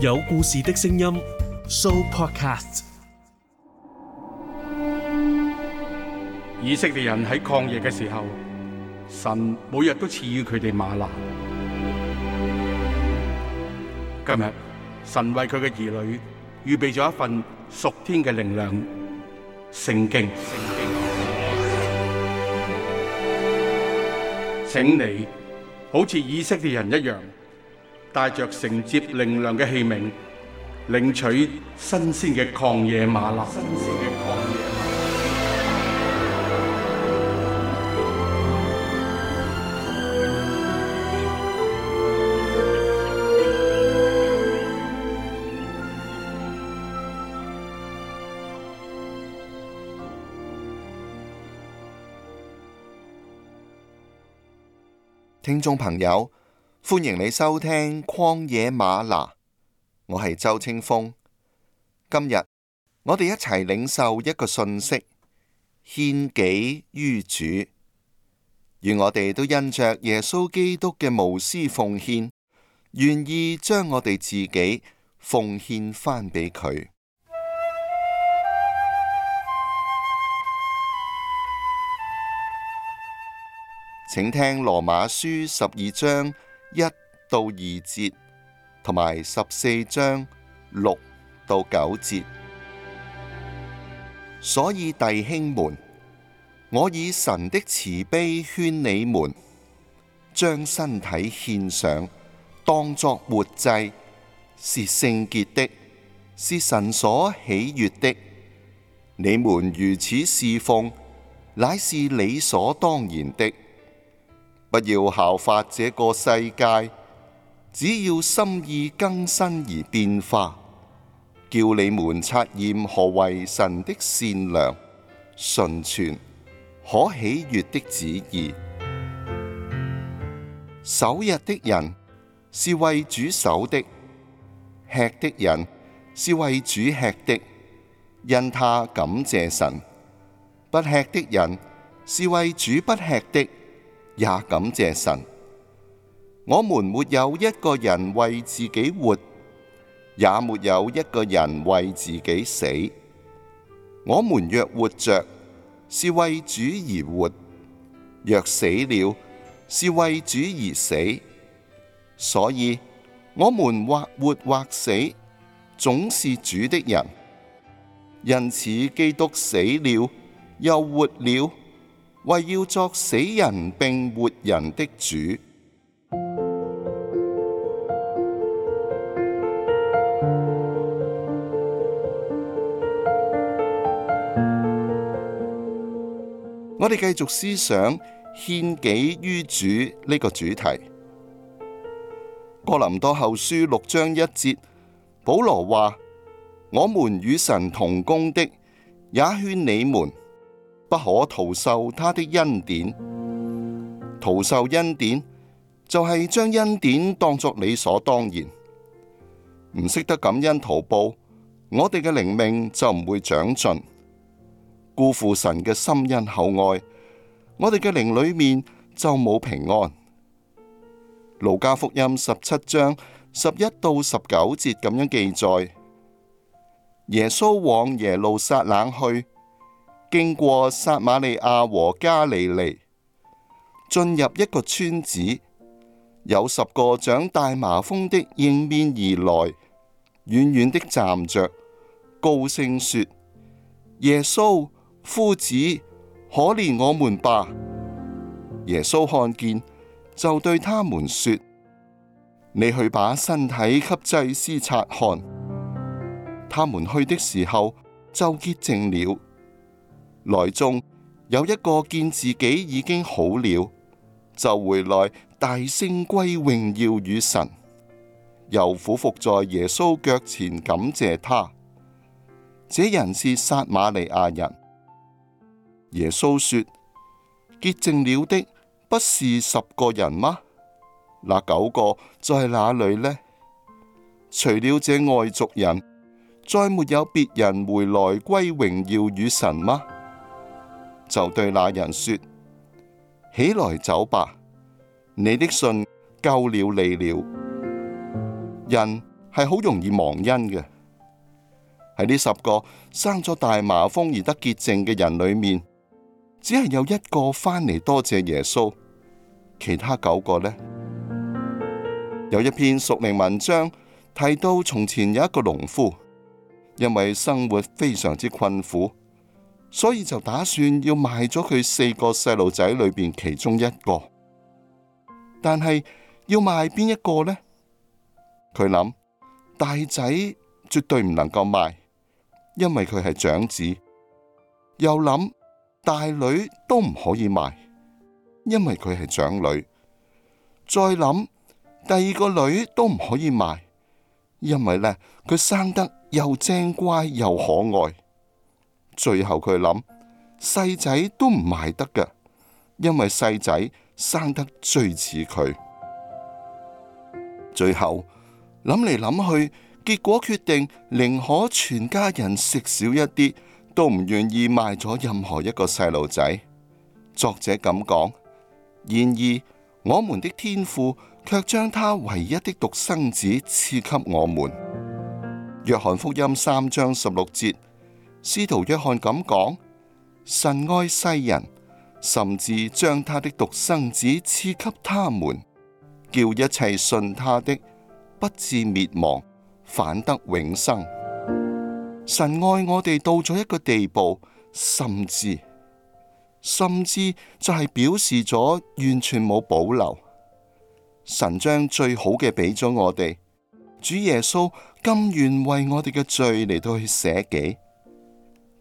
有故事的聲音，So Podcast。以色列人喺曠野嘅時候，神每日都賜予佢哋嗎哪。今日神為佢嘅兒女預備咗一份屬天嘅靈糧，聖經。請你好似以色列人一樣。帶着承接靈糧嘅器皿，領取新鮮嘅曠野嗎哪。馬聽眾朋友。歡迎你收聽曠野嗎哪，我係周清風。今日我哋一齊領受一個訊息：獻己於主。願我哋都因着耶穌基督嘅無私奉獻，願意將我哋自己奉獻返俾佢。請聽羅馬書十二章。一到二節同埋十四章六到九節。所以弟兄們，我以神的慈悲勸你們，將身體獻上，當作活祭，是聖潔的，是神所喜悅的。你們如此侍奉，乃是理所當然的。不要效法這個世界，只要心意更新而變化，叫你們察驗何為神的善良、純全、可喜悦的旨意。守日的人是為主守的，吃的人是為主吃的，因他感謝神。不吃的人是為主不吃的。也感謝神，我們沒有一個人為自己活，也沒有一個人為自己死。我們若活着，是為主而活；若死了，是為主而死。所以，我們或活或死，總是主的人。因此，基督死了又活了。為要作死人並活人的主，我哋繼續思想獻己於主呢、這個主題。哥林多後書六章一節，保羅話：我們與神同工的，也勸你們。不可徒受他的恩典，徒受恩典就係將恩典當作理所當然，唔識得感恩圖報，我哋嘅靈命就唔會長進，辜負神嘅心恩厚愛，我哋嘅靈裏面就冇平安。路加福音十七章十一到十九節咁樣記載，耶穌往耶路撒冷去。經過撒瑪利亞和加利利，進入一個村子，有十個長大麻風的迎面而來，遠遠的站着，高聲說：耶穌夫子，可憐我們吧！耶穌看見，就對他們說：你去把身體給祭司察看。他們去的時候，就潔淨了。來中有一個見自己已經好了，就回來大聲歸榮耀與神，又俯伏在耶穌腳前感謝他。這人是撒瑪利亞人。耶穌說：潔淨了的不是十個人嗎？那九個在哪裏呢？除了這外族人，再沒有別人回來歸榮耀與神嗎？就對那人說：起來走吧，你的信救了你了。人係好容易忘恩嘅，喺呢十個生咗大麻風而得潔淨嘅人裏面，只係有一個翻嚟多謝耶穌，其他九個呢？有一篇屬靈文章提到，從前有一個農夫，因為生活非常之困苦。所以就打算要賣咗佢四個細路仔裏邊其中一個，但係要賣邊一個呢？佢諗大仔絕對唔能夠賣，因為佢係長子；又諗大女都唔可以賣，因為佢係長女；再諗第二個女都唔可以賣，因為咧佢生得又精乖又可愛。最後佢諗細仔都唔賣得㗎，因為細仔生得最似佢。最後諗嚟諗去，結果決定寧可全家人食少一啲，都唔願意賣咗任何一個細路仔。作者咁講，然而我們的天父卻將他唯一的獨生子賜給我們。約翰福音三章十六節。司徒約翰咁講：神愛世人，甚至將他的獨生子賜給他們，叫一切信他的不至滅亡，反得永生。神愛我哋到咗一個地步，甚至，甚至就係表示咗完全冇保留，神將最好嘅，俾咗我哋。主耶穌甘願為我哋嘅罪嚟，到去捨己。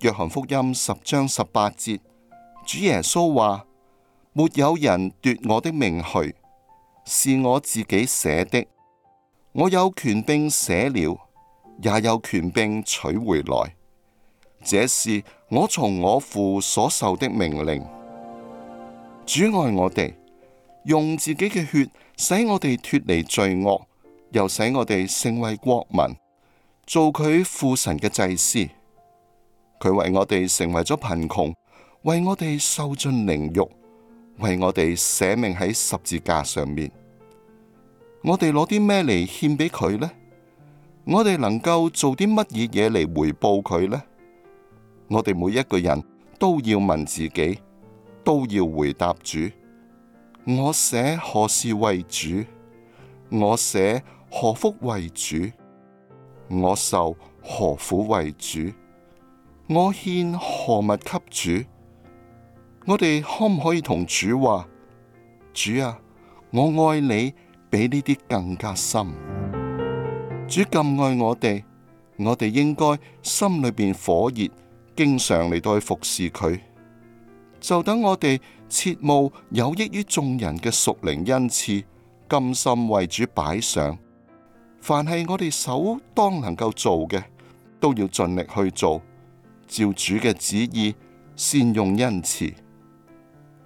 約翰福音十章十八節，主耶穌話：沒有人奪我的命去，是我自己捨的。我有權柄捨了，也有權柄取回來。這是我從我父所受的命令。主愛我哋，用自己嘅血使我哋脱離罪惡，又使我哋成為國民，做佢父神嘅祭司。佢為我哋成為咗貧窮，為我哋受盡凌辱，為我哋捨命喺十字架上面。我哋攞啲咩嚟獻俾佢呢？我哋能夠做啲乜嘢嘢嚟回報佢呢？我哋每一個人都要問自己，都要回答主：我捨何事為主？我捨何福為主？我受何苦為主？我獻何物給主？我哋可唔可以同主話：主啊，我愛你比呢啲更加深。主咁愛我哋，我哋應該心裏面火熱，經常嚟到去服侍佢。就等我哋切務有益於眾人嘅屬靈恩賜，甘心為主擺上。凡係我哋首當能夠做嘅，都要盡力去做。照主嘅旨意，善用恩慈。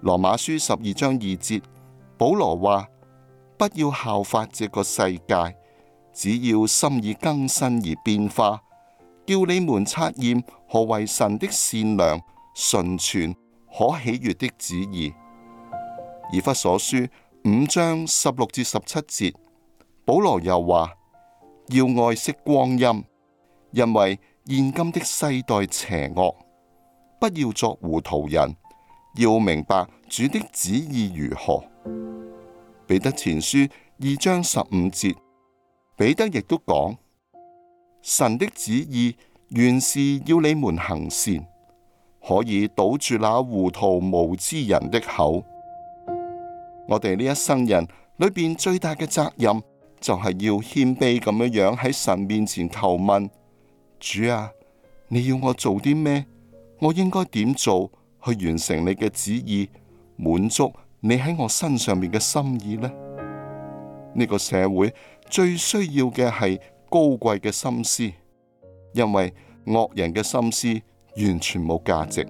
羅馬書十二章二節，保羅話：不要效法這個世界，只要心意更新而變化，叫你們察驗何為神的善良、純全、可喜悅的旨意。以弗所書五章十六至十七節，保羅又話：要愛惜光陰，因為現今的世代邪惡，不要作糊塗人，要明白主的旨意如何。彼得前書二章十五節，彼得亦都講，神的旨意原是要你們行善，可以堵住那糊塗無知人的口。我哋呢一生人裏邊最大嘅責任，就係要謙卑咁樣樣喺神面前求問。主啊，你要我做啲咩？我應該點做去完成你嘅旨意，滿足你喺我身上面嘅心意呢？呢個社會最需要嘅係高貴嘅心思，因為惡人嘅心思完全冇價值。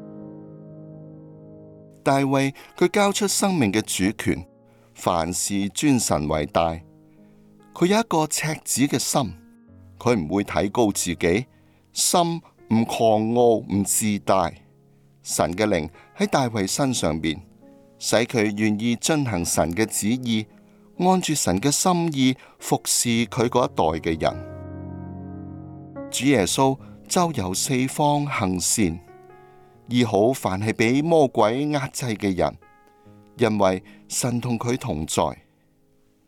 大衛佢交出生命嘅主權，凡事尊神為大。佢有一個赤子嘅心，佢唔會提高自己。心唔狂傲唔自大，神嘅靈喺大衛身上面，使佢願意遵行神嘅旨意，按住神嘅心意服侍佢嗰一代嘅人。主耶穌周遊四方行善，醫好凡係俾魔鬼壓制嘅人，因為神同佢同在。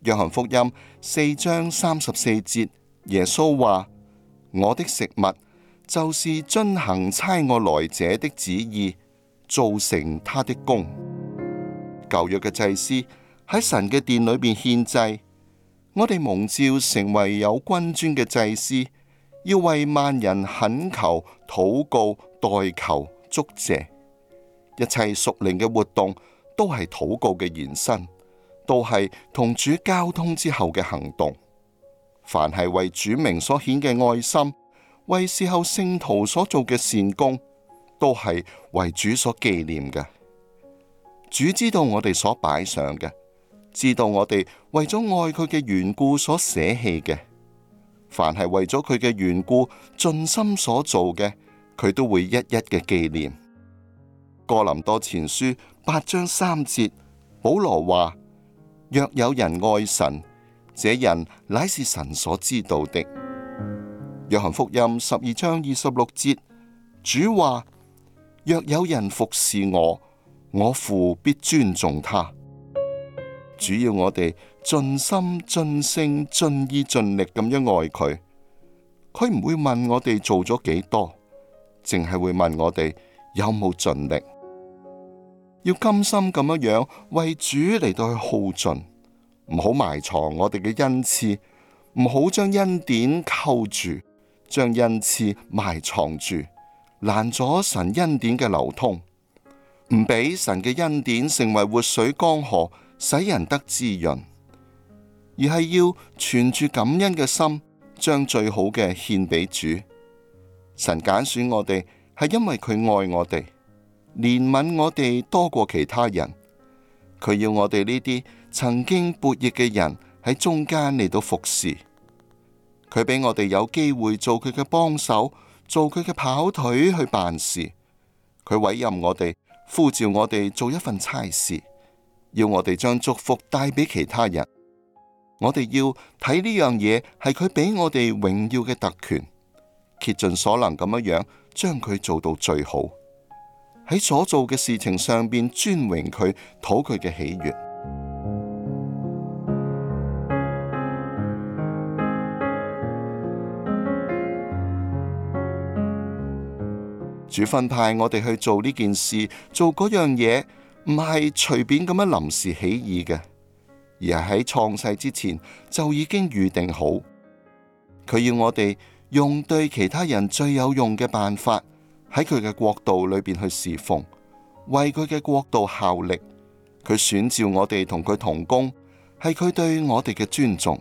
約翰福音四章三十四節，耶穌話：「我的食物，就是遵行差我來者的旨意，造成他的功。舊約嘅祭司喺神嘅殿裏面獻祭，我哋蒙召成為有君尊嘅祭司，要為萬人懇求、禱告、代求、祝謝。一切屬靈嘅活動都係禱告嘅延伸，都係同主交通之後嘅行動。凡係為主名所顯嘅愛心。為侍候聖徒所做嘅善功，都係為主所紀念嘅。主知道我哋所擺上嘅，知道我哋為咗愛佢嘅緣故所捨棄嘅。凡係為咗佢嘅緣故盡心所做嘅，佢都會一一嘅紀念。哥林多前書八章三節，保羅話：若有人愛神，這人乃是神所知道的。約翰福音十二章二十六節，主話：若有人服侍我，我父必尊重他。主要我哋盡心、盡性、盡意、盡力咁樣愛佢，佢唔會問我哋做咗幾多，淨係會問我哋有冇盡力。要甘心咁樣樣為主嚟到去耗盡，唔好埋藏我哋嘅恩賜，唔好將恩典扣住。將恩賜埋藏住，攔阻神恩典嘅流通，唔俾神嘅恩典成為活水江河，使人得滋潤，而係要存住感恩嘅心，將最好嘅獻俾主。神揀選我哋係因為佢愛我哋，憐憫我哋多過其他人，佢要我哋呢啲曾經悖逆嘅人喺中間嚟到服侍。佢俾我哋有機會做佢嘅幫手，做佢嘅跑腿去辦事。佢委任我哋，呼召我哋做一份差事，要我哋將祝福帶俾其他人。我哋要睇呢樣嘢係佢俾我哋榮耀嘅特權，竭盡所能咁樣將佢做到最好，喺所做嘅事情上邊尊榮佢，討佢嘅喜悅。主分派我哋去做呢件事，做嗰樣嘢，唔係隨便咁樣臨時起意嘅，而係喺創世之前就已經預定好。佢要我哋用對其他人最有用嘅辦法，喺佢嘅國度裏邊去侍奉，為佢嘅國度效力。佢選召我哋同佢同工，係佢對我哋嘅尊重。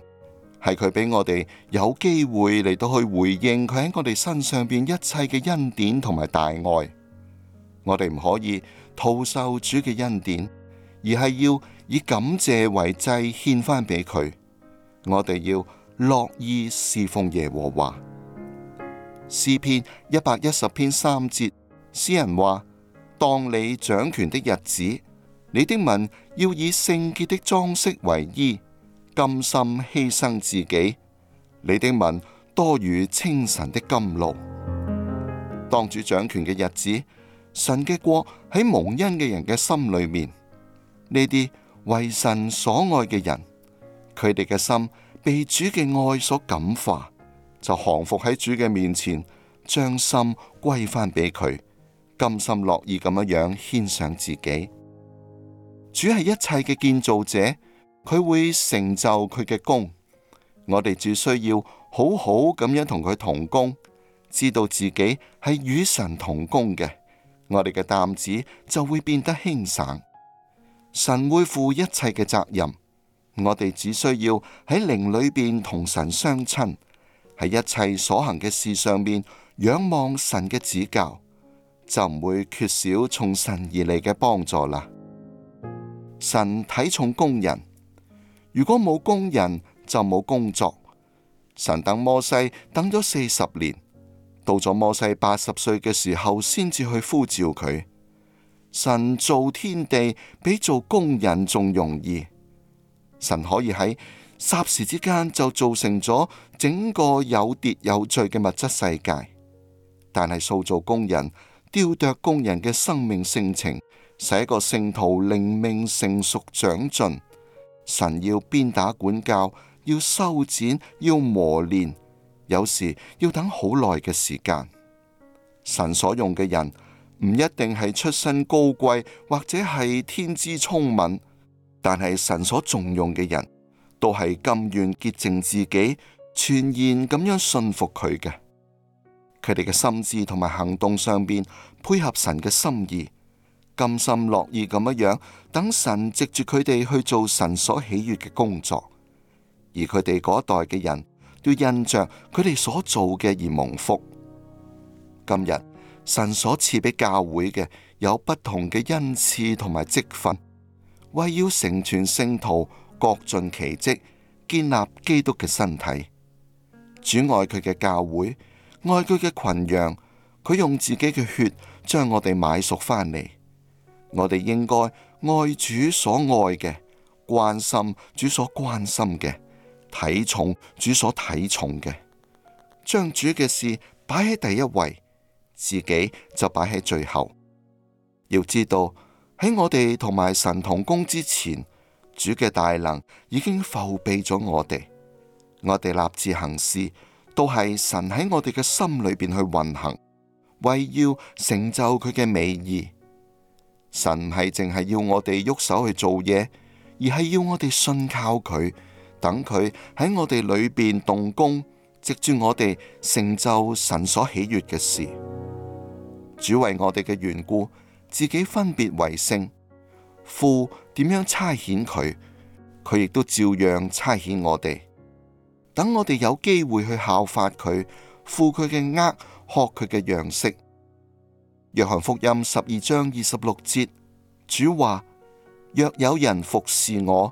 係佢俾我哋有機會嚟到去回應佢喺我哋身上邊一切嘅恩典同埋大愛，我哋唔可以徒受主嘅恩典，而係要以感謝為祭獻翻俾佢。我哋要樂意侍奉耶和華。詩篇一百一十篇三節，詩人話：當你掌權的日子，你的民要以聖潔的裝飾為衣。甘心犧牲自己，你的民多如清晨的甘露。當主掌權嘅日子，神嘅國喺蒙恩嘅人嘅心裏面，呢啲為神所愛嘅人，佢哋嘅心被主嘅愛所感化，就降服喺主嘅面前，將心歸翻俾佢，甘心樂意咁樣樣上自己。主係一切嘅建造者。佢會成就佢嘅功。我哋只需要好好咁樣同佢同工，知道自己係與神同工嘅，我哋嘅擔子就會變得輕省。神會負一切嘅責任，我哋只需要喺靈裏邊同神相親，喺一切所行嘅事上面仰望神嘅指教，就唔會缺少從神而嚟嘅幫助啦。神睇重工人。如果冇工人就冇工作，神等摩西等咗四十年，到咗摩西八十歲嘅時候先至去呼召佢。神造天地比做工人仲容易，神可以喺霎時之間就造成咗整個有秩有序嘅物質世界，但係塑造工人、雕琢工人嘅生命性情、使一個聖徒令命成熟長進。神要鞭打管教，要修剪，要磨練，有時要等好耐嘅時間。神所用嘅人唔一定係出身高貴或者係天資聰明，但係神所重用嘅人都係甘願潔淨自己、全然咁樣信服佢嘅，佢哋嘅心智同埋行動上邊配合神嘅心意。甘心樂意咁樣等神藉住佢哋去做神所喜悦嘅工作，而佢哋嗰代嘅人都因着佢哋所做嘅而蒙福。今日神所賜俾教會嘅有不同嘅恩賜同埋積分，為要成全聖徒，各盡其職，建立基督嘅身體。主愛佢嘅教會，愛佢嘅群羊，佢用自己嘅血將我哋買贖返嚟。我哋應該愛主所愛嘅，關心主所關心嘅，體重主所體重嘅，將主嘅事擺喺第一位，自己就擺喺最後。要知道喺我哋同埋神同工之前，主嘅大能已經伏庇咗我哋，我哋立志行事都係神喺我哋嘅心裏面去運行，為要成就佢嘅美意。神唔係淨係要我哋喐手去做嘢，而係要我哋信靠佢，等佢喺我哋裏邊動工，藉住我哋成就神所喜悅嘅事。主為我哋嘅緣故，自己分別為聖，父點樣差遣佢，佢亦都照樣差遣我哋，等我哋有機會去效法佢，負佢嘅軛，學佢嘅樣式。約翰福音十二章二十六節，主話：若有人服侍我，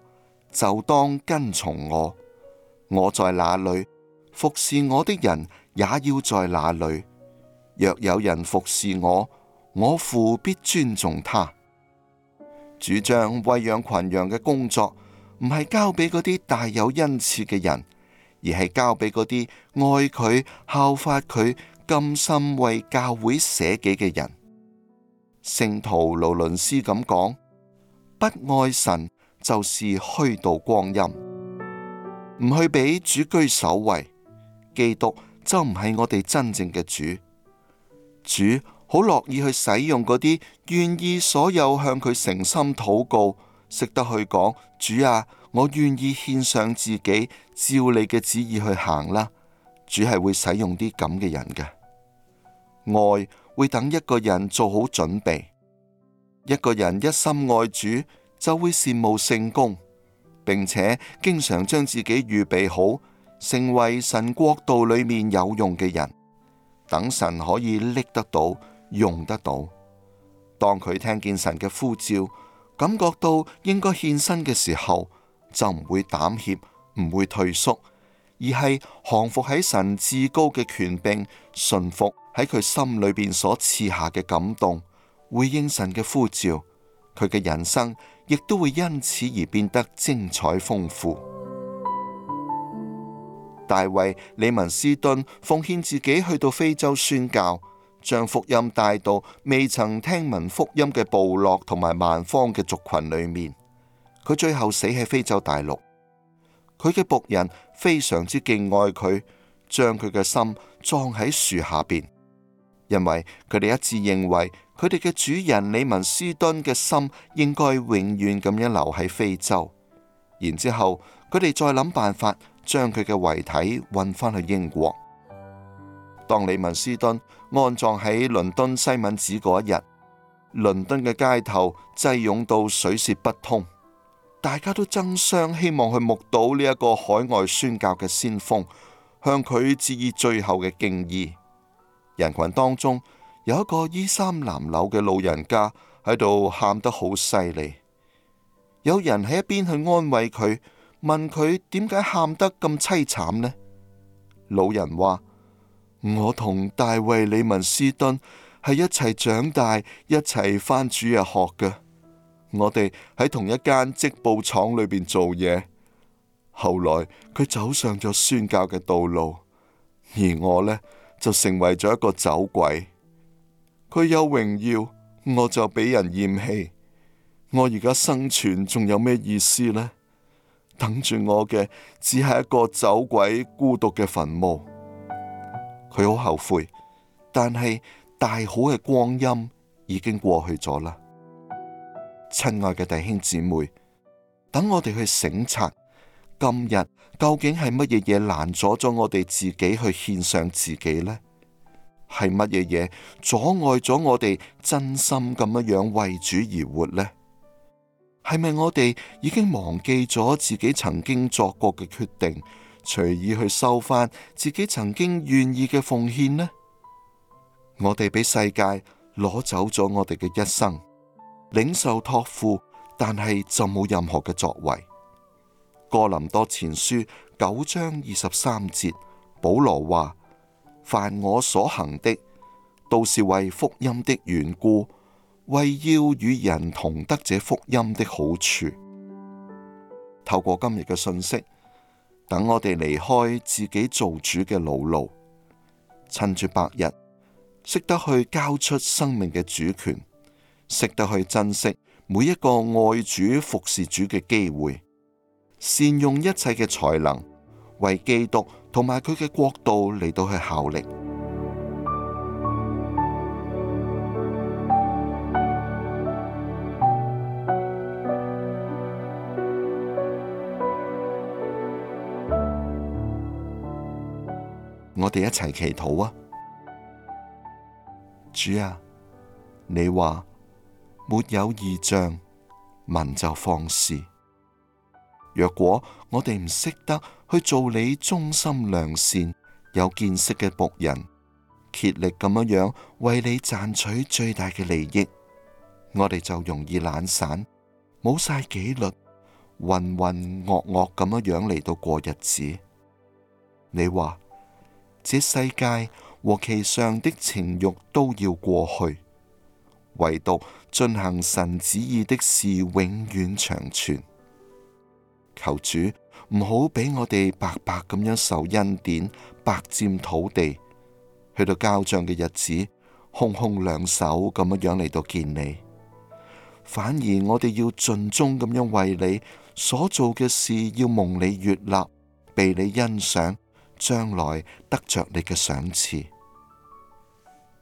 就當跟從我；我在哪裏，服侍我的人也要在哪裏。若有人服侍我，我父必尊重他。主將餵養群羊嘅工作，唔係交俾嗰啲大有恩賜嘅人，而係交俾嗰啲愛佢、效法佢。甘心為教會捨己嘅人。聖徒勞倫斯咁講：不愛神就是虛度光陰，唔去俾主居首位，基督就唔係我哋真正嘅主。主好樂意去使用嗰啲願意所有向佢誠心禱告、識得去講：主啊，我願意獻上自己，照你嘅旨意去行啦。主係會使用啲咁嘅人嘅。愛會等一個人做好準備，一個人一心愛主，就會羨慕聖工，並且經常將自己預備好，成為神國度裏面有用嘅人，等神可以拎得到、用得到。當佢聽見神嘅呼召，感覺到應該獻身嘅時候，就唔會膽怯，唔會退縮，而係降服喺神至高嘅權柄，順服。喺佢心裏邊所賜下嘅感動，回應神嘅呼召，佢嘅人生亦都會因此而變得精彩豐富。 大衛李文斯敦奉獻自己去到非洲宣教，將福音帶到未曾聽聞福音嘅部落同埋萬方嘅族群裏面。佢最後死喺非洲大陸，佢嘅僕人非常之敬愛佢，將佢嘅心葬喺樹下邊。因為佢哋一致認為，佢哋嘅主人李文斯敦嘅心應該永遠咁樣留喺非洲，然之後佢哋再諗辦法將佢嘅遺體運翻去英國。當李文斯敦安葬喺倫敦西敏寺嗰一日，倫敦嘅街頭擠擁到水泄不通，大家都爭相希望去目睹呢一個海外宣教嘅先鋒，向佢致以最後嘅敬意。人群當中有一個衣衫襤褸嘅老人家喺度喊得好犀利，有人喺一邊去安慰佢，問佢點解喊得咁凄慘呢？老人話：我同大衛李文斯敦係一齊長大，一齊返主日學嘅，我哋喺同一間織布廠裏邊做嘢。後來佢走上咗宣教嘅道路，而我呢？就成為咗一個走鬼，佢有榮耀，我就俾人嫌棄，我而家生存仲有咩意思呢？等住我嘅只係一個走鬼孤獨嘅墳墓，佢好後悔，但係大好嘅光陰已經過去咗啦。親愛嘅弟兄姊妹，等我哋去省察今日。究竟係乜嘢嘢攔阻咗我哋自己去獻上自己呢？係乜嘢嘢阻礙咗我哋真心咁樣樣為主而活呢？係咪我哋已經忘記咗自己曾經作過嘅決定，隨意去收返自己曾經願意嘅奉獻呢？我哋俾世界攞走咗我哋嘅一生，領受託付，但係就冇任何嘅作為。哥林多前書九章二十三節，保羅話：凡我所行的，都是為福音的緣故，為要與人同得這福音的好處。透過今日嘅信息，等我哋離開自己做主嘅老路，趁住白日，識得去交出生命嘅主權，識得去珍惜每一個愛主服侍主嘅機會。善用一切嘅才能，為基督同埋佢嘅國度嚟到去效力。 我哋一齊祈禱啊！主啊，你話沒有異象，民就放肆。若果我哋唔識得去做你忠心良善、有見識嘅僕人，竭力咁樣樣為你賺取最大嘅利益，我哋就容易懶散，冇晒紀律，渾渾噩噩咁樣樣嚟到過日子。你話，這世界和其上的情欲都要過去，唯獨進行神旨意的事永遠長存。求主唔好俾我哋白白咁樣受恩典，白佔土地，去到交賬嘅日子，空空兩手咁樣嚟到見你。反而我哋要盡忠咁樣為你所做嘅事，要蒙你悅納，被你欣賞，將來得着你嘅賞賜。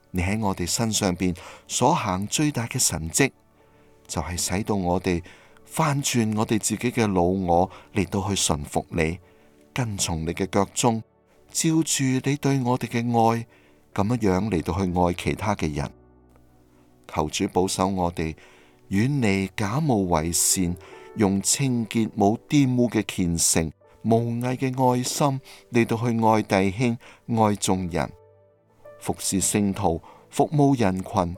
你喺我哋身上邊所行最大嘅神蹟，就係、是、使到我哋。翻轉我哋自己嘅老我嚟到去順服你，跟從你嘅腳蹤，照住你對我哋嘅愛，咁樣樣嚟到去愛其他嘅人。求主保守我哋，遠離假冒為善，用清潔冇玷污嘅虔誠、無偽嘅愛心嚟到去愛弟兄、愛眾人，服侍聖徒、服務人群。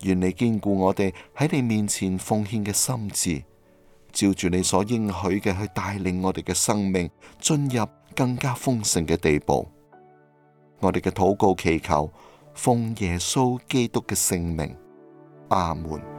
願你堅固我哋喺你面前奉獻嘅心智。照住你所應許嘅去帶領我哋嘅生命進入更加豐盛嘅地步，我哋嘅禱告祈求奉耶穌基督嘅聖名，阿門。